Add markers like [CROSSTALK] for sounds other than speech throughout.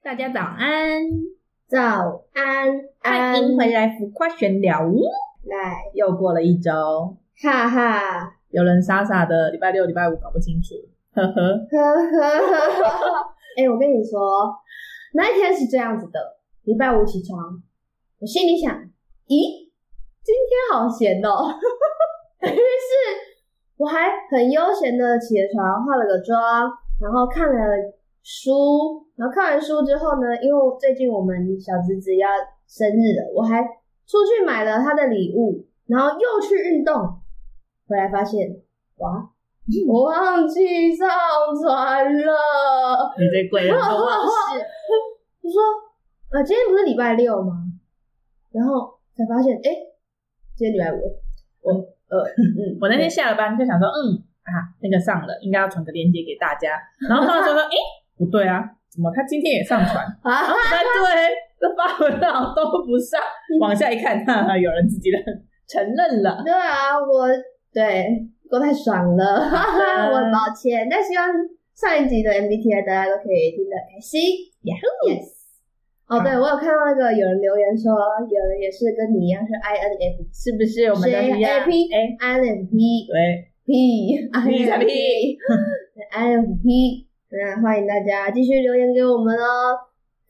大家早安，早安！安，歡迎回來《浮誇閒聊》。來，又過了一周，哈哈！有人傻傻的，禮拜六、禮拜五搞不清楚，呵呵呵呵呵呵。哎、 [LAUGHS] [LAUGHS] 欸，我跟你說，那一天是這樣子的：禮拜五起床，我心裡想，咦，今天好閒哦、喔。於 [LAUGHS] 是，我還很悠閒的起了床，化了個妝，然後看了書，然後看完書之後呢，因為最近我們小侄子要生日了，我還出去買了他的禮物，然後又去運動，回來發現，哇，我忘記上傳了。嗯、 [LAUGHS] 忘 [LAUGHS] 你這乖了，哈哈哈。他說，今天不是禮拜六嗎？然後才發現，哎、欸，今天禮拜五。我，呃，嗯嗯，我那天下了班就想說，嗯啊，那個上了，應該要傳個鏈接給大家。然後上了說說，哎。欸不對啊，怎麼他今天也上傳啊？那對，這八分鐘都不上，往下一看，哈哈，有人自己的承認了。對啊，我對，過太爽了，我很抱歉，但希望上一集的 MBTI 大家都可以聽得開心。Yes，哦，對我有看到那個有人留言說，有人也是跟你一樣是 INFP，是不是我們的？I P P I P P I P 那、嗯、歡迎大家繼續留言給我們哦，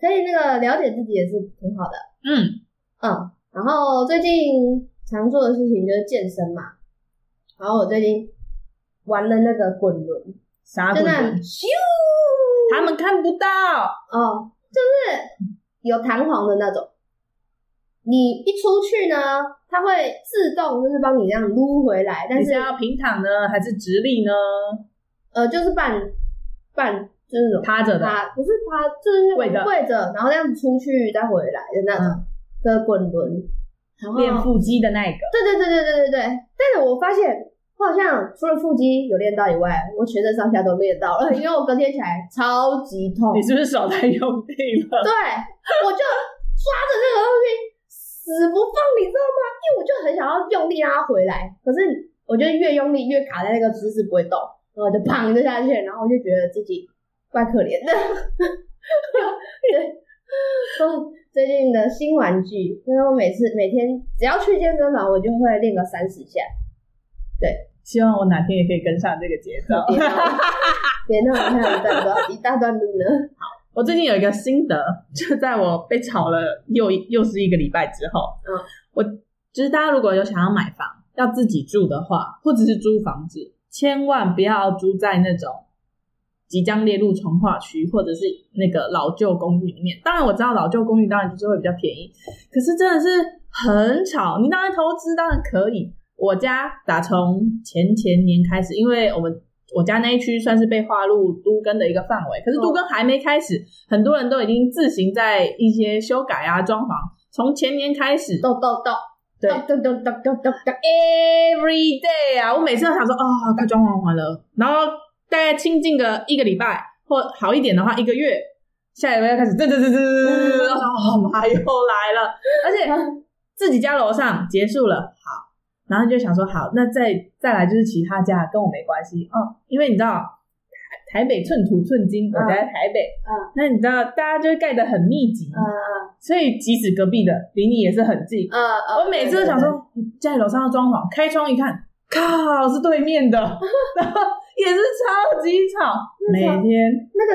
可以那個了解自己也是挺好的。嗯嗯，然後最近常做的事情就是健身嘛，然後我最近玩了那個滾輪。啥滾輪？他們看不到，哦、嗯、就是有彈簧的那種，你一出去呢，它會自動就是幫你這樣擼回來。但是你是要平躺呢，還是直立呢？呃，就是辦半就是趴着的趴，不是趴，就是那個跪着，然後這樣子出去再回來的那種的、嗯就是、滾輪，練腹肌的那一個。對對對對對對對。但是我發現我好像除了腹肌有練到以外，我全身上下都練到了，因為我隔天起來超級痛。你是不是手太用力了？對，我就抓着那個東西死不放，你知道嗎？因為我就很想要用力拉回來，可是我就越用力越卡在那個姿勢不會動。 [LAUGHS] 我就砰就下去，然後我就覺得自己怪可憐的。 [LAUGHS] 說最近的新玩具，所以我每次每天只要去健身房，我就會練個三十下。對，希望我哪天也可以跟上這個節奏。別那麼快，一 [LAUGHS] 段一大段路呢。好，我最近有一個心得，就在我被炒了又又是一個禮拜之後。嗯，我其實大家如果有想要買房要自己住的話，或者是租房子，千萬不要租在那種即將列入重劃區，或者是那個老舊公寓裡面。當然我知道老舊公寓當然就是會比較便宜，可是真的是很吵。你當然投資當然可以。我家打從前前年開始，因為我們我家那一區算是被劃入都更的一個範圍，可是都更還沒開始，哦，很多人都已經自行在一些修改啊、裝潢。從前年開始，到到到。對 [NOISE] ，every day 啊，我每次都想說，啊、哦，快裝潢完了，然後大概清靜個一個禮拜，或好一點的話，一個月，下一位要開始，噔噔噔噔噔噔噔，噔，噔噔噔噔噔噔噔，我、哦、說，媽又來了， [LAUGHS] 而且自己家樓上結束了， [LAUGHS] 好，然後就想說，好，那再再來就是其他家，跟我沒關係，嗯，因為你知道。台北寸土寸金，uh, 我在台北，啊、uh, 那你知道，大家就會蓋得很密集，啊、uh, 所以即使隔壁的離你也是很近，啊、uh, 啊、uh, 我每次都想說，你、uh, uh, 在樓上要裝潢，開窗一看，靠，是對面的，然 [LAUGHS] 後也是超級吵， [LAUGHS] 那個、每天、那個、那個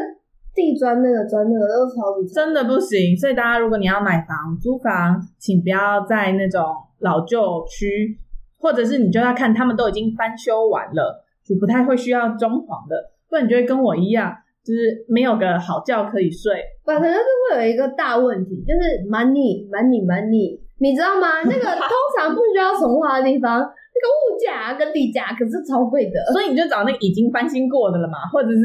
地磚，那個磚，那個都超級吵，真的不行，所以大家如果你要買房租房，請不要在那種老舊區，或者是你就要看他們都已經翻修完了，就不太會需要裝潢的。不然你就會跟我一樣，就是沒有個好覺可以睡。反正就會有一個大問題，就是 money money money，你知道嗎？那個通常不需要重劃的地方， [LAUGHS] 那個物價跟地價可是超貴的。所以你就找那個已經翻新過的了嘛，或者是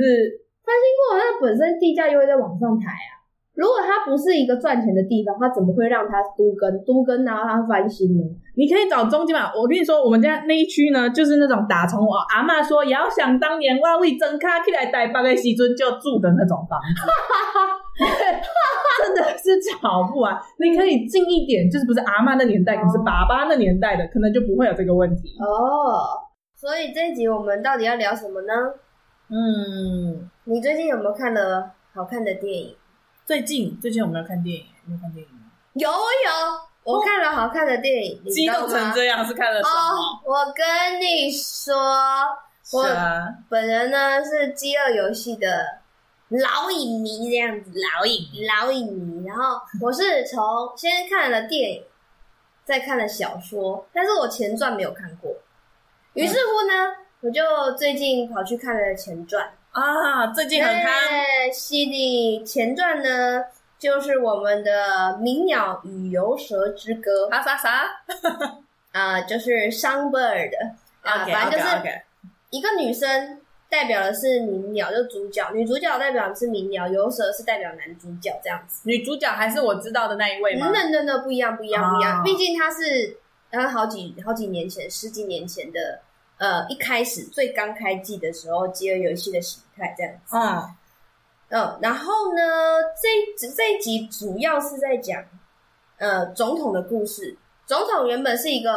翻新過的，那本身地價又會再往上抬啊。如果它不是一個賺錢的地方，它怎麼會讓它都更都更，然後它翻新呢？你可以找中間嘛。我跟你說，我們家那一區呢，就是那種打從我阿嬤說，遙想當年，我為增卡起來帶八個西尊就住的那種房，哈哈哈，真的是找不完。你可以近一點，就是不是阿嬤那年代，嗯，可是爸爸那年代的，可能就不會有這個問題哦。所以這一集我們到底要聊什麼呢？嗯，你最近有沒有看了好看的電影？最近最近有沒有看電影？有看電影嗎？有有，我看了好看的電影，激、哦、動成這樣是看了什麼、哦？我跟你說，我本人呢是《飢餓遊戲》的老影迷這樣子，老影、嗯、老影迷。然後我是從先看了電影、嗯，再看了小說，但是我前傳沒有看過。於是乎呢，我就最近跑去看了前傳。啊，最近很看《西地前傳》呢，就是我們的《鳴鳥與遊蛇之歌》。啥啥啥？啊，啊呃、就是 shunbird, okay、呃《Songbird》啊,反正就是一個女生代表的是鳴鳥，就主角；女主角代表的是鳴鳥，遊蛇是代表男主角這樣子。女主角還是我知道的那一位嗎？嗯、那那那不一樣，不一樣，不一樣。Oh. 不一樣，畢竟她是她、呃、好幾好幾年前，十幾年前的。呃，一開始最剛開季的時候，飢餓遊戲的形態這樣子。嗯、uh. 呃，然後呢，這一這一集主要是在講，呃，總統的故事。總統原本是一個，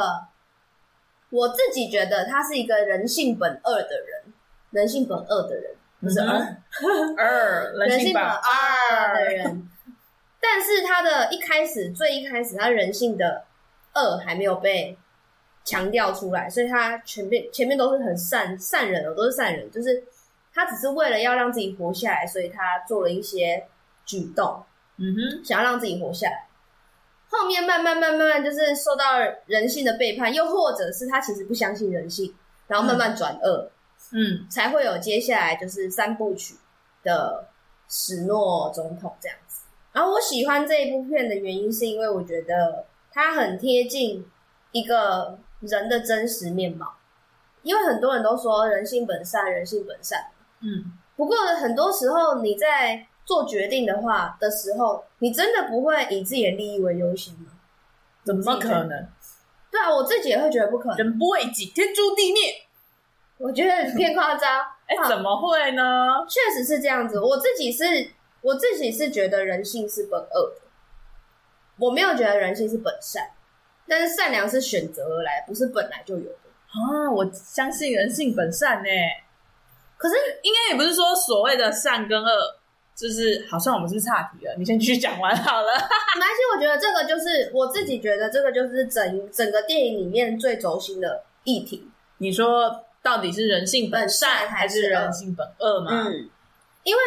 我自己覺得他是一個人性本惡的人，人性本惡的人，不是？二，人性本二的人，但是他的一開始最一開始，他人性的惡還沒有被。強調出來，所以他前面前面都是很善善人，都是善人，就是他只是為了要讓自己活下來，所以他做了一些舉動，嗯哼，想要讓自己活下來。後面慢慢慢慢慢，就是受到人性的背叛，又或者是他其實不相信人性，然後慢慢轉惡，嗯，才會有接下來就是三部曲的史諾總統這樣子。然後我喜歡這一部片的原因，是因為我覺得它很貼近一個。人的真實面貌，因為很多人都說人性本善，人性本善。嗯，不過很多時候你在做決定的話的時候，你真的不會以自己的利益為優先嗎？怎麼可能？對啊，我自己也會覺得不可能。人不為己，天誅地滅。我覺得很偏誇張。哎、 [LAUGHS] 啊欸，怎麼會呢？確實是這樣子。我自己是，我自己是覺得人性是本惡的，我沒有覺得人性是本善。但是善良是選擇而來，不是本來就有的啊！我相信人性本善呢，可是應該也不是說所謂的善跟惡，就是好像我們是岔題了。你先繼續講完好了。而 [LAUGHS] 且我覺得這個就是我自己覺得這個就是整整個電影裡面最軸心的議題。你說到底是人性本善、本善還是人性本惡嗎？嗯，因為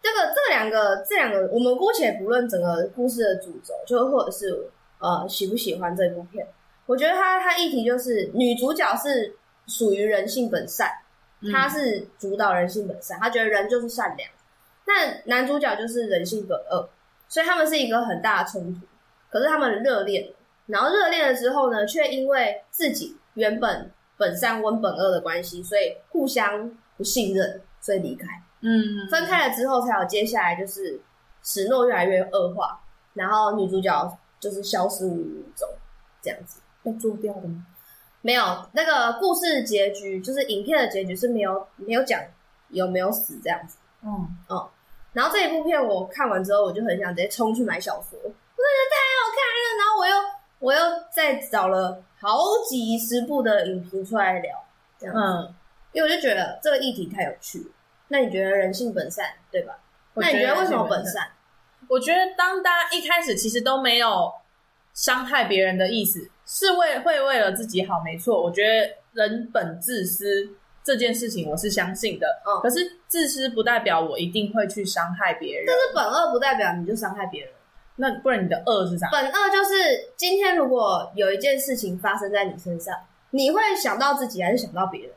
這個這兩個這兩個，我們姑且不論整個故事的主軸，就或者是。呃，喜不喜歡這部片？我覺得他他議題就是女主角是屬於人性本善，她、嗯、是主導人性本善，她覺得人就是善良。那男主角就是人性本惡，所以他們是一個很大的衝突。可是他們熱戀，然後熱戀了之後呢，卻因為自己原本本善溫本惡的關係，所以互相不信任，所以離開。嗯，分開了之後才有接下來就是史諾越來越惡化，然後女主角。就是消失無蹤，這樣子。哦，被做掉的嗎？沒有，那個故事的結局就是影片的結局是沒有沒有講有沒有死這樣子。嗯嗯。然後這一部片我看完之後，我就很想直接衝去買小說，我覺得太好看了。然後我又我又再找了好幾十部的影評出來聊，這樣子。嗯，因為我就覺得這個議題太有趣。那你覺得人性本善，對吧？那你覺得為什麼本善？我覺得，當大家一開始其實都沒有傷害別人的意思，是為會為了自己好，沒錯。我覺得人本自私這件事情，我是相信的。嗯，可是自私不代表我一定會去傷害別人。但是本惡不代表你就傷害別人。那不然你的惡是啥？本惡就是今天如果有一件事情發生在你身上，你會想到自己還是想到別人？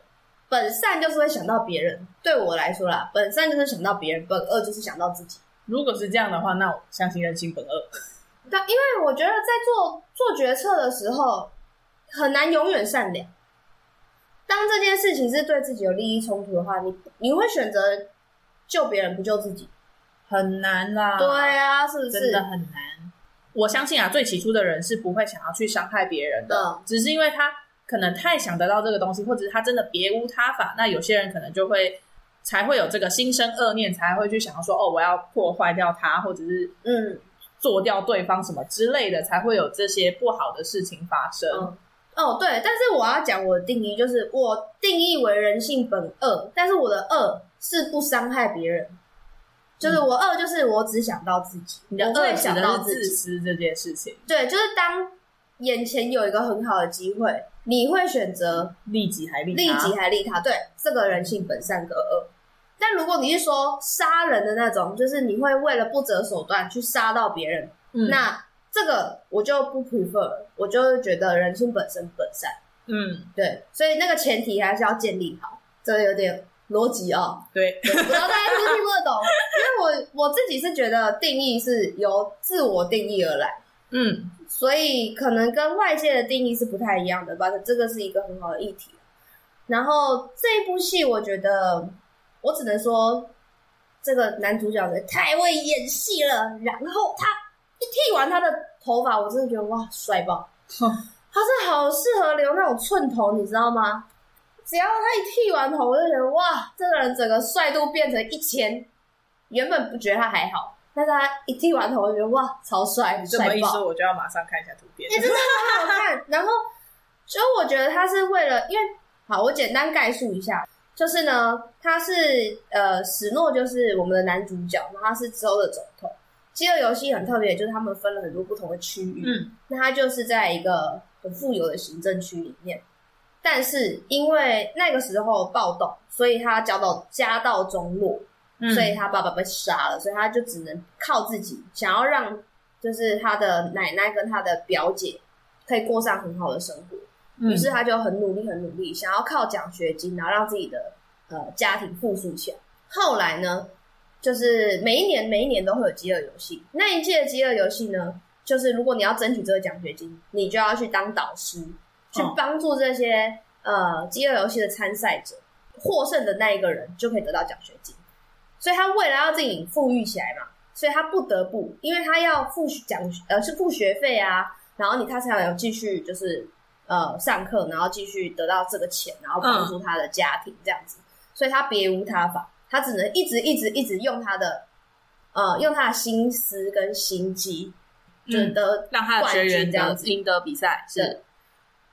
本善就是會想到別人。對我來說啦，本善就是想到別人，本惡就，就，就，就是想到自己。如果是這樣的話，那我相信人性本惡。但因為我覺得在做做決策的時候，很難永遠善良。當這件事情是對自己有利益衝突的話，你你會選擇救別人不救自己？很難啦。對啊，是不是真的很難？我相信啊，最起初的人是不會想要去傷害別人的，只是因為他可能太想得到這個東西，或者是他真的別無他法。那有些人可能就會。才會有這個心生惡念，才會去想要說哦，我要破壞掉他，或者是嗯，做掉對方什麼之類的，才會有這些不好的事情發生。嗯、哦，對，但是我要講我的定義，就是我定義為人性本惡，但是我的惡是不傷害別人，就是我惡就是我只想到自己，你的惡想到自私這件事情。對，就是當眼前有一個很好的機會，你會選擇利己還利他，利己還利他。對，這個人性本善跟惡。但如果你是說殺人的那種，就是你會為了不擇手段去殺到別人、嗯，那這個我就不 prefer，我就是覺得人性本身本善。嗯，對，所以那個前提還是要建立好，這個、有點邏輯啊。對，對我不知道大家是不是聽得懂， [LAUGHS] 因為我我自己是覺得定義是由自我定義而來。嗯，所以可能跟外界的定義是不太一樣的，吧這個是一個很好的議題。然後這部戲，我覺得。我只能說，這個男主角也太會演戲了。然後他一剃完他的頭髮，我真的覺得哇，帥爆！他是好適合留那種寸頭，你知道嗎？只要他一剃完頭，我就覺得哇，這個人整個帥度變成一千。原本不覺得他還好，但是他一剃完頭，我就覺得哇，超帥！帥爆！你這麼一說，我就要馬上看一下圖片。也真的很好看。 [LAUGHS] 然後，就我覺得他是為了，因為好，我簡單概述一下。就是呢，他是呃史諾，就是我們的男主角，然後他是之後的總統。飢餓遊戲很特別，就是他們分了很多不同的區域。嗯，那他就是在一個很富有的行政區裡面，但是因為那個時候暴動，所以他家到家道中落，嗯，所以他爸爸被殺了，所以他就只能靠自己，想要讓就是他的奶奶跟他的表姐可以過上很好的生活。於是他就很努力，很努力，嗯、想要靠獎學金，然後讓自己的呃家庭富足起來。後來呢，就是每一年每一年都會有飢餓遊戲。那一屆的飢餓遊戲呢，就是如果你要爭取這個獎學金，你就要去當導師，去幫助這些、哦、呃飢餓遊戲的參賽者。獲勝的那一個人就可以得到獎學金。所以他為了要自己富裕起來嘛，所以他不得不，因為他要付獎呃是付學費啊，然後你他才要有繼續就是。呃，上課，然後繼續得到這個錢，然後幫助他的家庭這樣子，嗯，所以他別無他法，他只能一直一直一直用他的，呃，用他的心思跟心機，贏、嗯、得冠軍這樣子，讓他的學員贏得比賽是。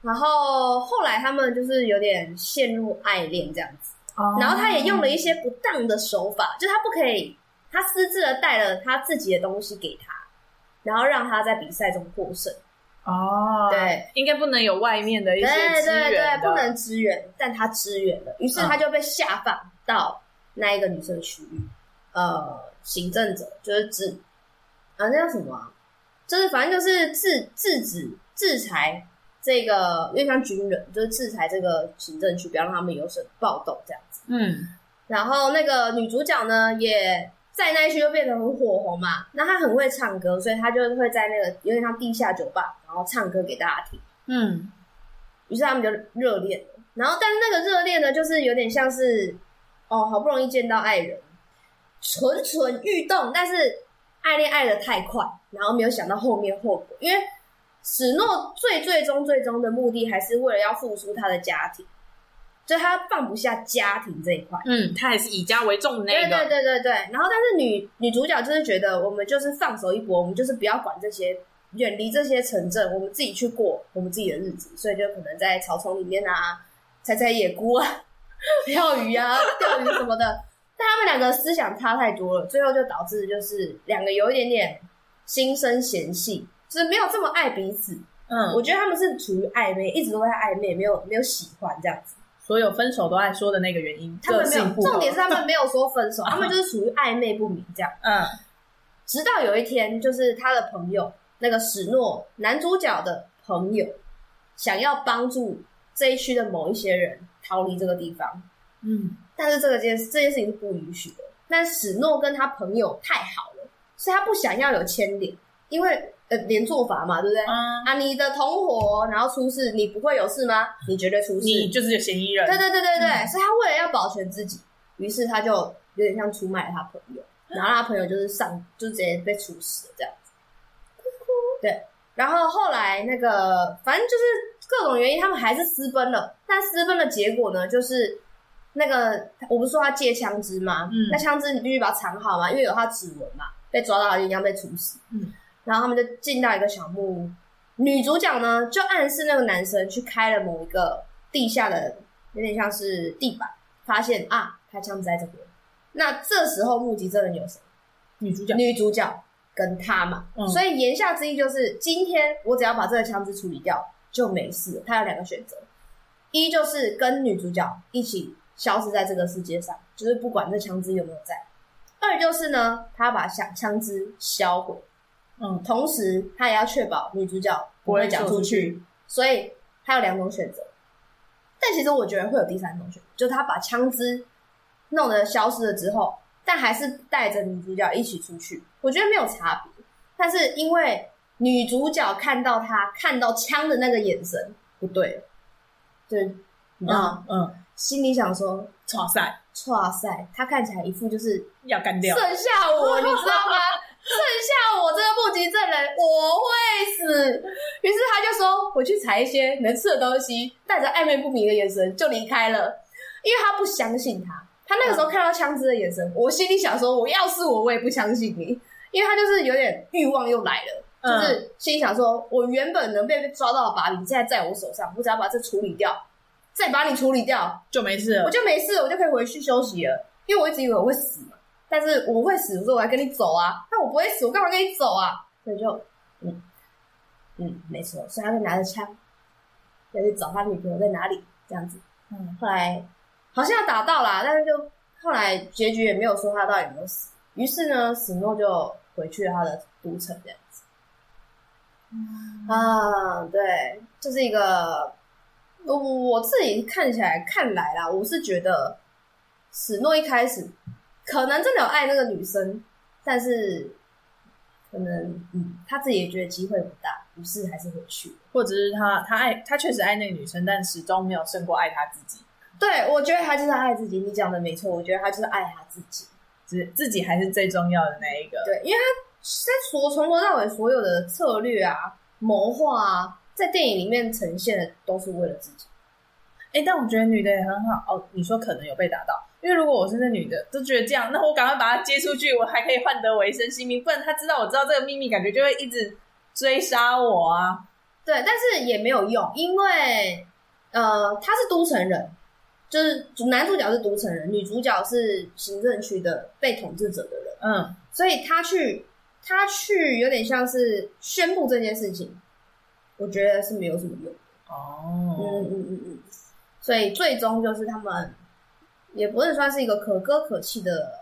然後後來他們就是有點陷入愛戀這樣子，哦，然後他也用了一些不當的手法，就他不可以，他私自的帶了他自己的東西給他，然後讓他在比賽中獲勝。哦、oh，對，應該不能有外面的一些支援的，對對對，不能支援，但他支援了，於是他就被下放到那一個女生區域，嗯，呃，行政者就是指，啊，那叫什麼，啊？就是反正就是制制止制裁這個，因為像軍人就是制裁這個行政區，不要讓他們有什麼暴動這樣子。嗯，然後那個女主角呢也。在那一區就變得很火紅嘛，那他很會唱歌，所以他就會在那個有點像地下酒吧，然後唱歌給大家聽。嗯，於是他們就熱戀了。然後，但是那個熱戀呢，就是有點像是哦，好不容易見到愛人，蠢蠢欲動，但是愛戀愛得太快，然後沒有想到後面後果。因為史諾最最終最終的目的還是為了要付出他的家庭。就他放不下家庭這一塊，嗯，他還是以家為重的那個。對對對對對。然後，但是女女主角就是覺得我們就是放手一搏，我們就是不要管這些，遠離這些城鎮，我們自己去過我們自己的日子。所以，就可能在草叢裡面啊，採採野菇啊，釣魚啊，釣魚啊、釣魚什麼的。 [LAUGHS] 但他們兩個思想差太多了，最後就導致就是兩個有一點點心生嫌隙，就是沒有這麼愛彼此。嗯，我覺得他們是處於曖昧，一直都在曖昧，沒有沒有喜歡這樣子。所有分手都愛說的那個原因，他們沒有。重點是他們沒有說分手， [LAUGHS] 他們就是屬於曖昧不明這樣。嗯，直到有一天，就是他的朋友那個史諾男主角的朋友，想要幫助這一區的某一些人逃離這個地方。嗯，但是這個件事，這件事情是不允許的。但史諾跟他朋友太好了，所以他不想要有牽連，因為。呃，連坐法嘛，對不對？嗯、啊，你的同夥然後出事，你不會有事嗎？你絕對出事，你就是有嫌疑人。對對對對對、嗯，所以他為了要保全自己，於是他就有點像出賣他朋友，然後他朋友就是上就直接被處死這樣子。對，然後後來那個反正就是各種原因，他們還是私奔了。但私奔的結果呢，就是那個我不是說他借槍支嗎、嗯？那槍支你必須把它藏好嘛，因為有他指紋嘛，被抓到就一樣被處死。嗯。然後他們就進到一個小木屋，女主角呢就暗示那個男生去開了某一個地下的人，有點像是地板，發現啊，他槍支在這邊。那這時候目擊證人有誰？女主角，女主角跟他嘛、嗯。所以言下之意就是，今天我只要把這個槍支處理掉就沒事了。他有兩個選擇，一就是跟女主角一起消失在這個世界上，就是不管這槍支有沒有在；二就是呢，他把槍槍支銷毀。嗯，同時他也要確保女主角不會講出、出去，所以他有兩種選擇。但其實我覺得會有第三種選擇，就他把槍支弄得消失了之後，但還是帶着女主角一起出去。我覺得沒有差別，但是因為女主角看到他看到槍的那個眼神不對對，啊嗯、嗯，心裡想說：哇塞哇塞，他看起來一副就是要幹掉，剩下我，你知道嗎？ [LAUGHS] 剩下我這個目擊證人，我會死。於是他就說：“我去採一些能吃的東西。”帶着曖昧不明的眼神就離開了，因為他不相信他。他那個時候看到槍支的眼神、嗯，我心裡想說：“我要是我，我也不相信你。”因為他就是有點慾望又來了，嗯、就是心裡想說：“我原本能被抓到的把柄，現在在我手上，我只要把這處理掉，再把你處理掉，就沒事了。我就沒事了，我就可以回去休息了。因為我一直以為我會死嘛。”但是我會死，不是？我還跟你走啊？那我不會死，我幹嘛跟你走啊？所以就，嗯，嗯，沒錯。所以他就拿着槍，再去找他女朋友在哪裡，這樣子。嗯、後來好像要打到啦，但是就後來結局也沒有說他到底有沒有死。於是呢，史諾就回去了他的都城，這樣子、嗯。啊，對，這、就是一個我我自己看起來看來啦，我是覺得史諾一開始。可能真的有愛那個女生，但是可能嗯，他自己也覺得機會不大，於是還是回去的。或者是他他愛他確實愛那個女生，但始終沒有勝過愛他自己。對，我覺得他就是愛自己。你講的沒錯，我覺得他就是愛他自己，自自己還是最重要的那一個。對，因為他他所從頭到尾所有的策略啊、謀劃啊，在電影裡面呈現的都是為了自己。哎、欸，但我覺得女的也很好哦。你說可能有被打到，因為如果我是那女的，都覺得這樣，那我趕快把她接出去，我還可以換得我一生性命。不然她知道我知道這個秘密，感覺就會一直追殺我啊。對，但是也沒有用，因為呃，他是都城人，就是男主角是都城人，女主角是行政區的被統治者的人，嗯，所以他去他去有點像是宣布這件事情，我覺得是沒有什麼用哦，嗯嗯嗯嗯。嗯嗯所以最終就是他們，也不是算是一個可歌可泣的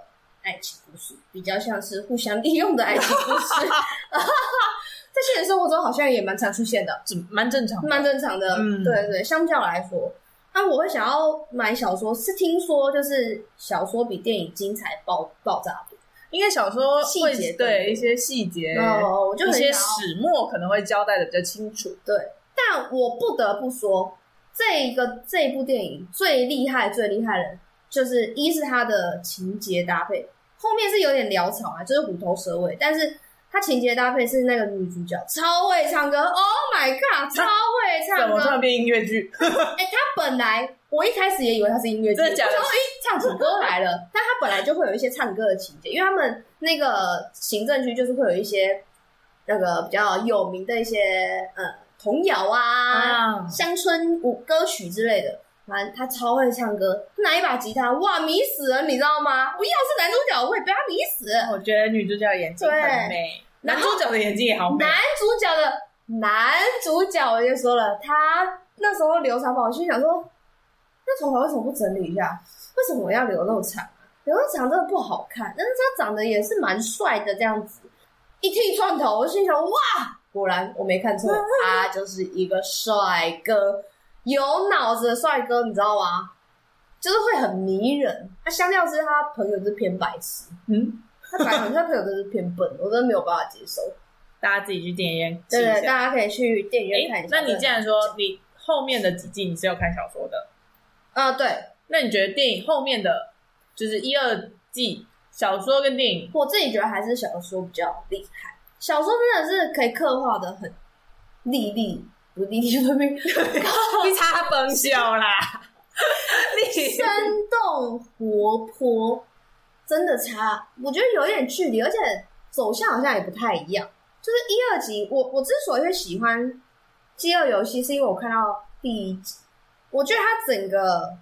愛情故事，比較像是互相利用的愛情故事。在現實生活中好像也蠻常出現的，蠻正常，蠻正常的、嗯。對對，相較來說，那、啊、我會想要買小說，是聽說就是小說比電影精彩爆、爆爆炸多，因為小說細節對一些細節，哦，就一些始末可能會交代得比較清楚。對，但我不得不說。這一個這一部電影最厲害最厲害的，就是一是它的情節搭配，後面是有點潦草啊，就是虎頭蛇尾。但是它情節搭配是那個女主角超會唱歌，Oh my god，超會唱歌，怎麼唱變音樂劇。哎、 [LAUGHS] 欸，他本來我一開始也以為他是音樂劇，不曉得唱首歌來了。 [LAUGHS] 但他本來就會有一些唱歌的情節，因為他們那個行政區就是會有一些那個比較有名的一些嗯。童謠啊，鄉、啊、村舞歌曲之類的，反正他超會唱歌，拿一把吉他，哇，迷死了，你知道嗎？我要是男主角，我也被他迷死。我覺得女主角的眼睛很美，男主角的眼睛也好美。男主角的男主角，我就說了，他那時候留長髮，我心想說，那頭髮為什麼不整理一下？為什麼我要留那麼長？留那麼長真的不好看。但是他長得也是蠻帥的，這樣子一剃寸頭，我心想哇。果然我沒看錯，他、啊、就是一個帥哥，有腦子的帥哥，你知道嗎？就是會很迷人。他相較之下，他朋友是偏白痴，嗯，他他朋友都是偏笨， [LAUGHS] 我真的沒有辦法接受。大家自己去電影院對，對對，大家可以去電影院看一下，欸。那你既然說 [LAUGHS] 你後面的幾季你是有看小說的，啊、呃，對，那你覺得電影後面的就是一二季小說跟電影，我自己覺得還是小說比較厲害。小說真的是可以刻畫得很歷歷，立立不立利明，立 [LAUGHS] 差崩笑啦！立 [LAUGHS] 生動活潑，真的差，我覺得有一點距離，而且走向好像也不太一樣。就是一二集，我，我之所以會喜歡《飢餓遊戲》，是因為我看到第一集，我覺得它整個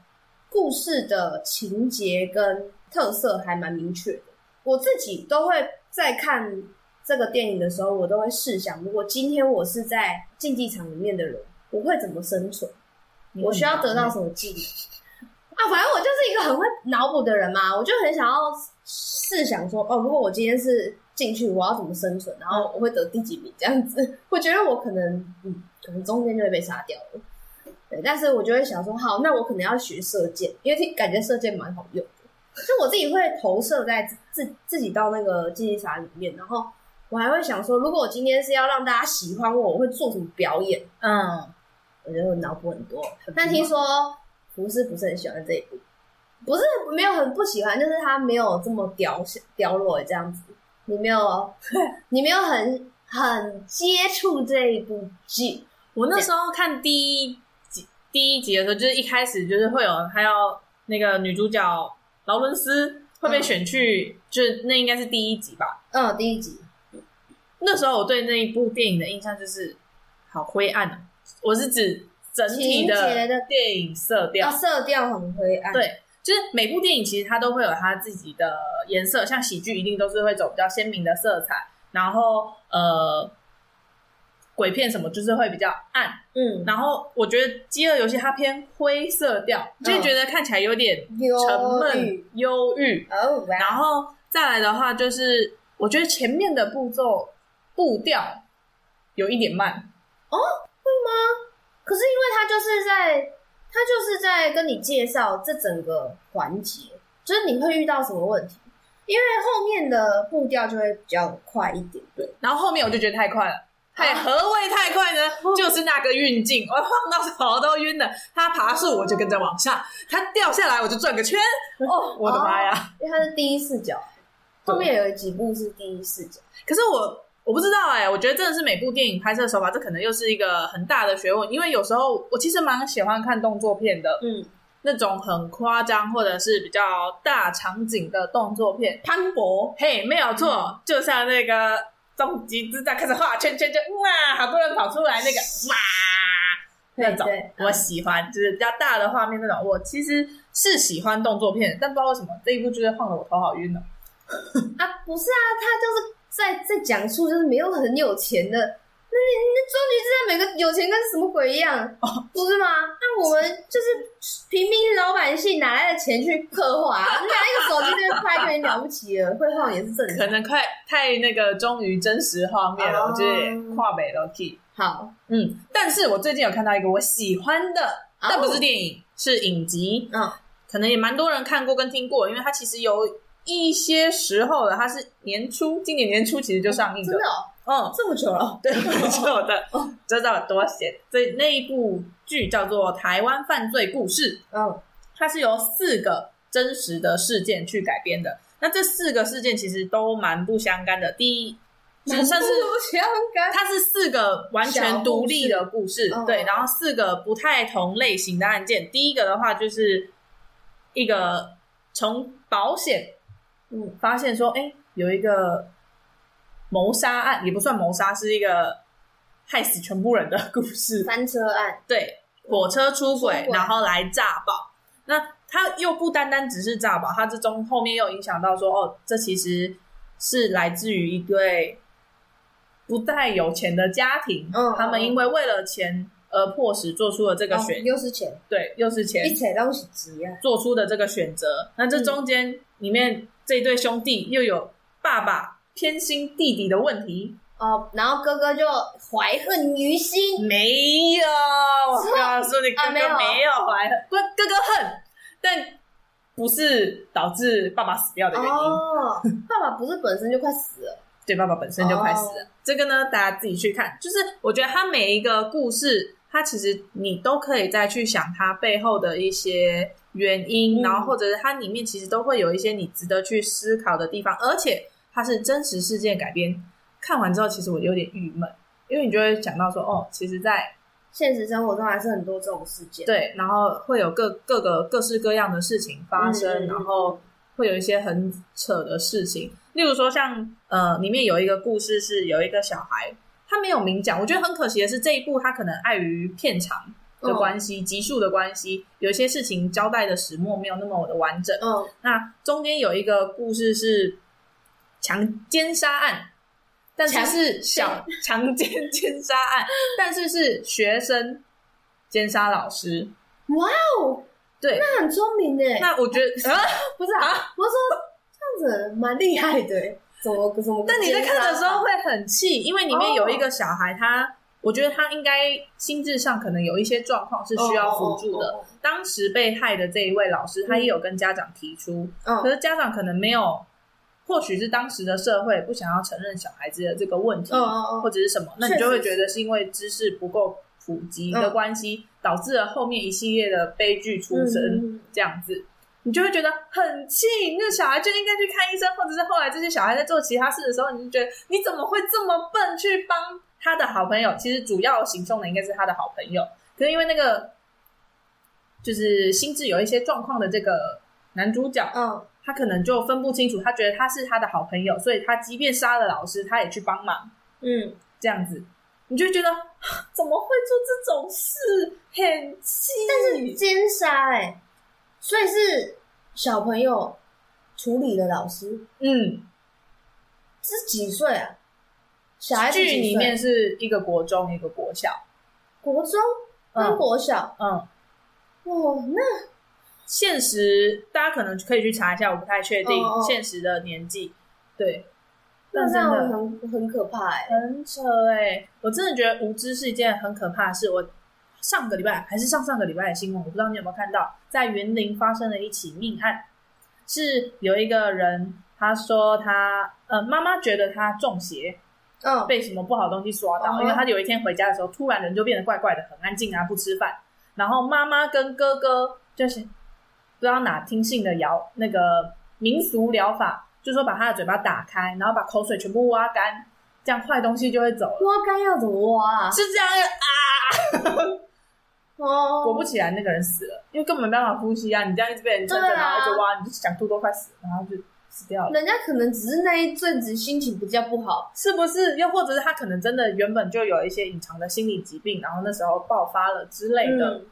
故事的情節跟特色還蠻明確的，我自己都會在看。這個電影的時候，我都會試想，如果今天我是在競技場裡面的人，我會怎麼生存？我需要得到什麼技能？啊，反正我就是一個很會腦補的人嘛，我就很想要試想說，哦，如果我今天是進去，我要怎麼生存？然後我會得第幾名？這樣子。我覺得我可能，嗯，可能中間就會被殺掉了。對，但是我就會想說，好，那我可能要學射箭，因為感覺射箭蠻好用的。就我自己會投射在自己自己到那個競技場裡面，然後。我還會想說，如果我今天是要讓大家喜歡我，我會做什麼表演？嗯，我覺得會腦補很多。但聽說胡師不，不是很喜歡這一部，不是沒有很不喜歡，就是他沒有這麼凋凋落這樣子。你沒有？ [LAUGHS] 你沒有很很接觸這一部劇？我那時候看第一集，第一集的時候，就是一開始就是會有他要那個女主角勞倫斯會被選去，嗯、就那應該是第一集吧？嗯，第一集。那時候我對那一部電影的印象就是，好灰暗啊！我是指整體的電影色調，啊，色調很灰暗。對，就是每部電影其實它都會有它自己的顏色，像喜劇一定都是會走比較鮮明的色彩，然後呃，鬼片什麼就是會比較暗，嗯。然後我覺得《飢餓遊戲》它偏灰色調，嗯，就覺得看起來有點沉悶憂鬱。哦，然後再來的話就是，我覺得前面的步驟。步調有一點慢。哦，會嗎？可是因為他就是在他就是在跟你介紹這整個環節，就是你會遇到什麼問題，因為後面的步調就會比較快一點。對，然後後面我就覺得太快了。欸，何謂太快呢、啊？就是那個運鏡、啊，我晃到頭都暈了。他爬樹，我就跟着往下，他掉下來，我就轉個圈。哦，我的媽呀！因為他是第一視角，後面有幾部是第一視角，可是我。我不知道哎、欸，我覺得真的是每部電影拍攝手法，這可能又是一個很大的學問。因為有時候我其實蠻喜歡看動作片的，嗯，那種很誇張或者是比較大場景的動作片。潘博，嘿、hey,，沒有錯、嗯，就像那個《終極之戰》，開始畫圈圈就哇、啊，好多人跑出來那個哇、啊、那種對對對，我喜歡、嗯，就是比較大的畫面那種。我其實是喜歡動作片，但不知道為什麼這一部就是晃得我頭好暈了。 [LAUGHS] 啊，不是啊，他就是。在在講述就是沒有很有錢的，那你那終極之在每個有錢跟什麼鬼一樣，哦、不是嗎？那我們就是平民老百姓哪來的錢去刻畫、啊？你 [LAUGHS] 拿一個手機能拍一點了不起了會畫也是正常，可能太太那個忠於真實畫面了、哦，我覺得。跨北樓梯，好，嗯。但是我最近有看到一個我喜歡的，那、哦、不是電影，是影集。嗯、哦，可能也蠻多人看過跟聽過，因為它其實有。一些時候的，它是年初，今年年初其實就上映的。沒、嗯、的、哦，嗯，這麼久了，對，沒錯的。嗯， [LAUGHS] 知道我多寫。所以那一部劇叫做《台灣犯罪故事》。嗯、哦，它是由四個真實的事件去改編的。那這四個事件其實都蠻不相干的。第一，蠻不相干的，它是四個完全獨立的故事。故事對、哦，然後四個不太同類型的案件。第一個的話，就是一個從保險。嗯，發現說，哎、欸，有一個謀殺案，也不算謀殺，是一個害死全部人的故事。翻車案，對，火車出軌，然後來炸爆。那他又不單單只是炸爆，他這中後面又影響到說，哦，這其實是來自於一對不太有錢的家庭，嗯，他們因為為了錢而迫使做出了這個選，哦、又是錢，對，又是錢，一切都是錢、啊。做出的這個選擇，那這中間裡面、嗯。這對兄弟又有爸爸偏心弟弟的問題哦，然後哥哥就懷恨於心。沒有，我告訴你哥哥沒有懷恨，不、啊哦，哥哥恨，但不是導致爸爸死掉的原因。哦、爸爸不是本身就快死了？ [LAUGHS] 對，爸爸本身就快死了、哦。這個呢，大家自己去看。就是我覺得他每一個故事。它其實你都可以再去想它背後的一些原因，嗯，然後或者是它裡面其實都會有一些你值得去思考的地方，而且它是真實事件改編。看完之後，其實我有點鬱悶，因為你就會想到說，哦，其實在，在現實生活中還是很多這種事件。對，然後會有各各個各式各樣的事情發生，嗯，然後會有一些很扯的事情，例如說像呃，裡面有一個故事是有一個小孩。他沒有明講，我覺得很可惜的是，這一部。他可能礙於片長的關係、oh. 集數的關係，有些事情交代的始末沒有那麼的完整。Oh. 那中間有一個故事是強姦殺案，但是是小強姦姦殺案，但是是學生姦殺老師。哇哦，對，那很聰明哎，那我覺得、 [LAUGHS] 啊、不是，啊， [LAUGHS] 我說這樣子蠻厲害的。但你在看的時候會很氣，因為裡面有一個小孩，他我覺得他應該心智上可能有一些狀況是需要輔助的、哦哦。當時被害的這一位老師，他也有跟家長提出，可是家長可能沒有，或許是當時的社會不想要承認小孩子的這個問題，或、哦、者、哦哦、是什麼，那你就會覺得是因為知識不夠普及的關係，導致了後面一系列的悲劇出生這樣子。你就會覺得很氣，那小孩就應該去看醫生，或者是後來這些小孩在做其他事的時候，你就覺得你怎麼會這麼笨去幫他的好朋友？其實主要行凶的應該是他的好朋友，可是因為那個就是心智有一些狀況的這個男主角，嗯，他可能就分不清楚，他覺得他是他的好朋友，所以他即便殺了老師，他也去幫忙，嗯，這樣子，你就會覺得，啊，怎麼會做這種事？很氣，但是你奸殺哎。所以是小朋友處理的老師，嗯，這是幾歲啊？小孩子，劇裡面是一個國中，一個國小，國中跟國小，嗯，哇、嗯哦，那現實大家可能可以去查一下，我不太確定現實、哦哦、的年紀，對，那這樣很很可怕、欸，哎，很扯、欸，哎，我真的覺得無知是一件很可怕的事，我。上個禮拜還是上上個禮拜的新聞，我不知道你有沒有看到，在雲林發生了一起命案，是有一個人，他說他呃媽媽覺得他中邪，嗯，被什麼不好的東西刷到，嗯，因為他有一天回家的時候，突然人就變得怪怪的，很安靜啊，他不吃飯，然後媽媽跟哥哥就是不知道哪聽信的謠，那個民俗療法，就說把他的嘴巴打開，然後把口水全部挖乾，這樣壞東西就會走了。挖乾要怎麼挖啊？是這樣啊？ [LAUGHS] 果、oh, 活不起來，那個人死了，因為根本沒辦法呼吸啊！你這樣一直被人站着，啊，然後就挖，你就想吐，都快死了，然後就死掉了。人家可能只是那一陣子心情比較不好，是不是？又或者是他可能真的原本就有一些隱藏的心理疾病，然後那時候爆發了之類的。嗯。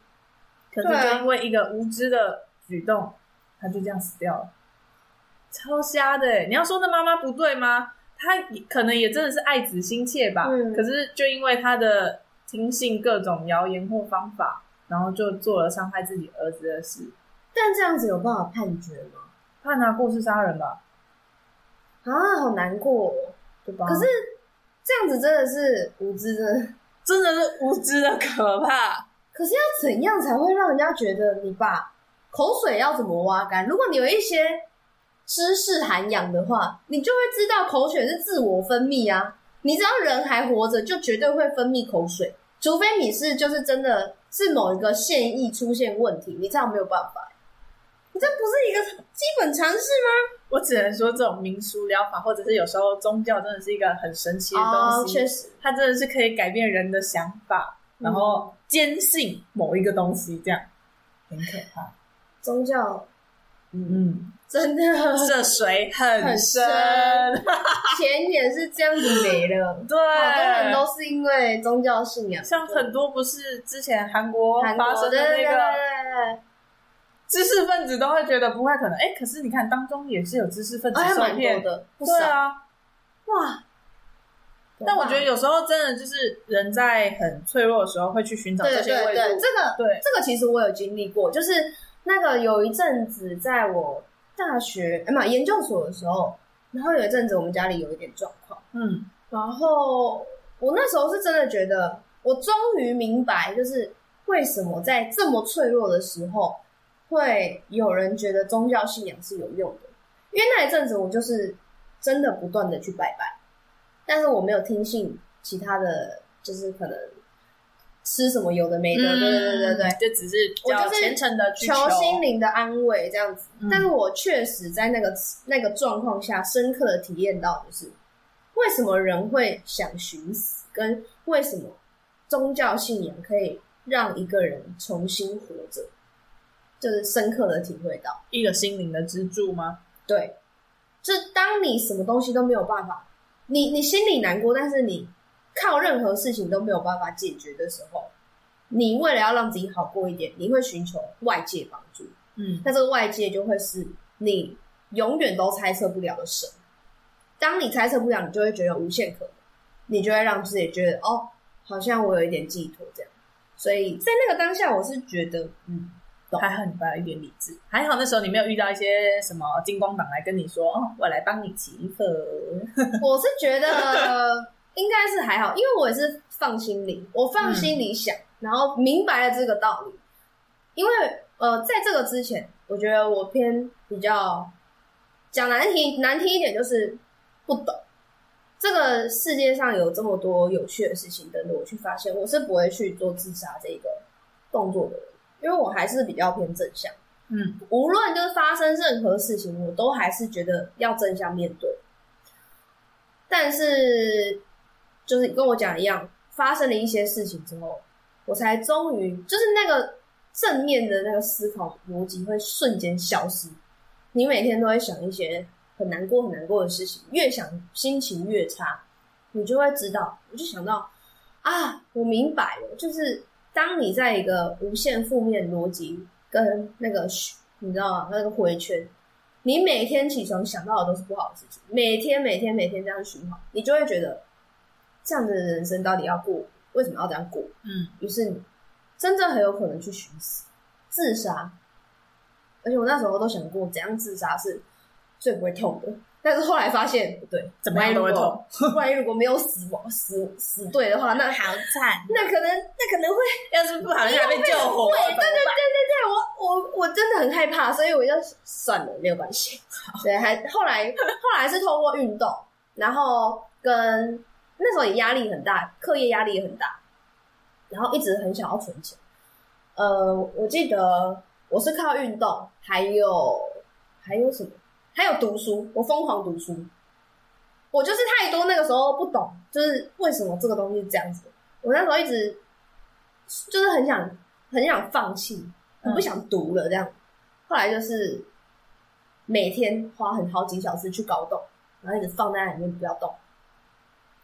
可是就因為一個無知的舉動，他就這樣死掉了。超瞎的！你要說那媽媽不對嗎？她可能也真的是愛子心切吧。嗯。可是就因為他的。聽信各種謠言或方法，然後就做了傷害自己兒子的事。但這樣子有辦法判決嗎？判他過失殺人吧。啊，好難過，對吧？可是這樣子真的是無知的，真的是無知的可怕。可是要怎樣才會讓人家覺得你爸口水要怎麼挖乾？如果你有一些知識涵養的話，你就會知道口水是自我分泌啊。你知道人還活着就絕對會分泌口水，除非你是就是真的是某一個腺液出現問題，你這樣沒有辦法。你這不是一個基本常識嗎？我只能說，這種民俗療法或者是有時候宗教真的是一個很神奇的東西，Oh, 確實，它真的是可以改變人的想法，然後堅信某一個東西，這樣很可怕。宗教，嗯嗯。真的這水很深，錢 [LAUGHS] 也是這樣子沒了。對，很多人都是因為宗教信仰，像很多不是之前韓國發生的那個知識分子都會覺得不太可能。哎、欸，可是你看當中也是有知識分子受騙、哦、的，不少啊。哇！但我覺得有時候真的就是人在很脆弱的時候會去尋找這些慰藉。這個，對這個其實我有經歷過，就是那個有一陣子在我。大學，哎嘛，研究所的時候，然後有一陣子我們家裡有一點狀況，嗯，然後我那時候是真的覺得，我終於明白，就是為什麼在這麼脆弱的時候，會有人覺得宗教信仰是有用的，因為那一陣子我就是真的不斷的去拜拜，但是我沒有聽信其他的，就是可能。吃什麼有的沒的，對、嗯、對對對對，就只是我就是，虔誠的去求，求心靈的安慰這樣子。嗯、但是我確實在那個那個狀況下，深刻的體驗到，就是為什麼人會想尋死，跟為什麼宗教信仰可以讓一個人重新活着，就是深刻的體會到一個心靈的支柱嗎？對，就當你什麼東西都沒有辦法，你你心裡難過，但是你。靠任何事情都沒有辦法解決的時候，你為了要讓自己好過一點，你會尋求外界幫助。嗯，那這個外界就會是你永遠都猜測不了的神。當你猜測不了，你就會覺得有無限可能，你就會讓自己覺得哦，好像我有一點寄託這樣。所以在那個當下，我是覺得嗯，懂，還好你一點理智，還好那時候你沒有遇到一些什麼金光黨來跟你說：「我來幫你祈福，」 [LAUGHS] 我是覺得。 [LAUGHS] 應該是還好，因為我也是放心裡，我放心裡想，嗯，然後明白了這個道理。因為呃，在這個之前，我覺得我偏比較講難聽難聽一點，就是不懂這個世界上有這麼多有趣的事情等着我去發現。我是不會去做自殺這個動作的人，因為我還是比較偏正向。嗯，無論就是發生任何事情，我都還是覺得要正向面對。但是，嗯就是跟我講一樣，發生了一些事情之後，我才終於就是那個正面的那個思考邏輯會瞬間消失。你每天都會想一些很難過、很難過的事情，越想心情越差，你就會知道。我就想到啊，我明白了，就是當你在一個無限負面邏輯跟那個你知道嗎、啊，那個迴圈，你每天起床想到的都是不好的事情，每天、每天、每天這樣循環，你就會覺得。這樣子的人生到底要過？為什麼要這樣過？嗯，於是你，你真正很有可能去尋死、自殺。而且我那時候都想過，怎樣自殺是最不會痛的。但是後來發現，對，怎麼樣都會痛。萬一如果沒有死亡， [LAUGHS] 死死對的話，那好慘。 [LAUGHS] 那可能那可能會， [LAUGHS] 要是不是好，的，一下被救活、啊。對 [LAUGHS] 對對對對，我我我真的很害怕，所以我就算了，沒有關係。對，還後來後來是通過運動，然後跟。那時候也壓力很大，課業壓力也很大，然後一直很想要存錢。呃，我記得我是靠運動，還有還有什麼？還有讀書，我瘋狂讀書。我就是太多那個時候不懂，就是為什麼這個東西這樣子。我那時候一直就是很想很想放棄，很不想讀了這樣，嗯。後來就是每天花很好幾小時去搞懂，然後一直放在那裡面不要動。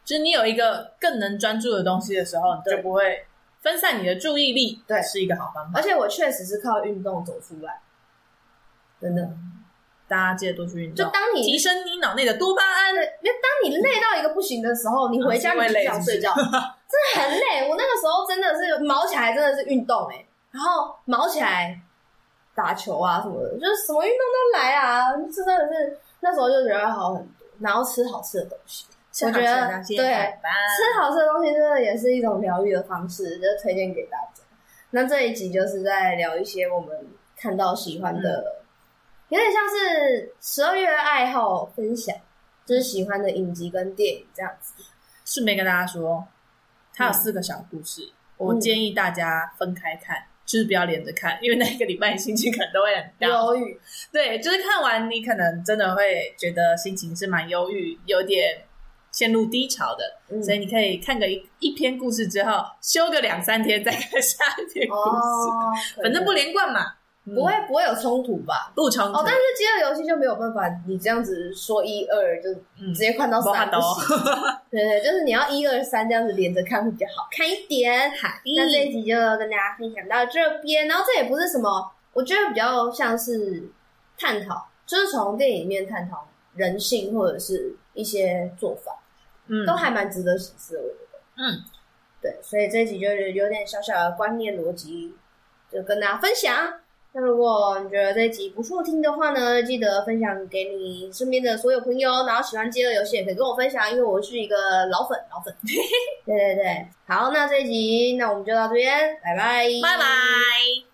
就是你有一個更能專注的東西的時候，你就不會分散你的注意力，對，是一個好方法。而且我確實是靠運動走出來，真的，嗯、大家記得多去運動，就當你提升你腦內的多巴胺。就當你累到一個不行的時候，嗯、你回家就想睡覺、啊，真的很累。我那個時候真的是卯起來真的是運動哎、欸，然後卯起來打球啊什麼的，就是什麼運動都來啊，是真的是那時候就覺得好很多，然後吃好吃的東西。我覺得對，吃好吃的東西真的也是一種療癒的方式，就推薦給大家。那這一集就是在聊一些我們看到喜歡的，嗯、有點像是十二月的愛好分享，就是喜歡的影集跟電影這樣子。順便跟大家說，它有四個小故事，嗯、我建議大家分開看，嗯、就是不要連着看，因為那個禮拜心情可能都會很憂鬱。對，就是看完你可能真的會覺得心情是蠻憂鬱，有點。陷入低潮的、嗯，所以你可以看個一一篇故事之後，休個兩三天再看下一篇故事。哦，反正不連貫嘛，不會、嗯、不會有衝突吧？不衝突哦。但是《飢餓遊戲》就沒有辦法，你這樣子說一二就、嗯、直接看到三、嗯、對，對對，就是你要一二三這樣子連着看會比較好看一點。好， [LAUGHS] 那這一集就跟大家分享到這邊，然後這也不是什麼，我覺得比較像是探討，就是從電影裡面探討人性或者是一些做法。嗯，都還蠻值得反思的，我覺得。嗯，對，所以這一集就是有點小小的觀念邏輯，就跟大家分享。那如果你覺得這一集不錯聽的話呢，記得分享給你身邊的所有朋友，然後喜歡飢餓遊戲也可以跟我分享，因為我是一個老粉， [LAUGHS] 老粉。對對對，好，那這一集那我們就到這邊，拜拜， [LAUGHS] 拜拜。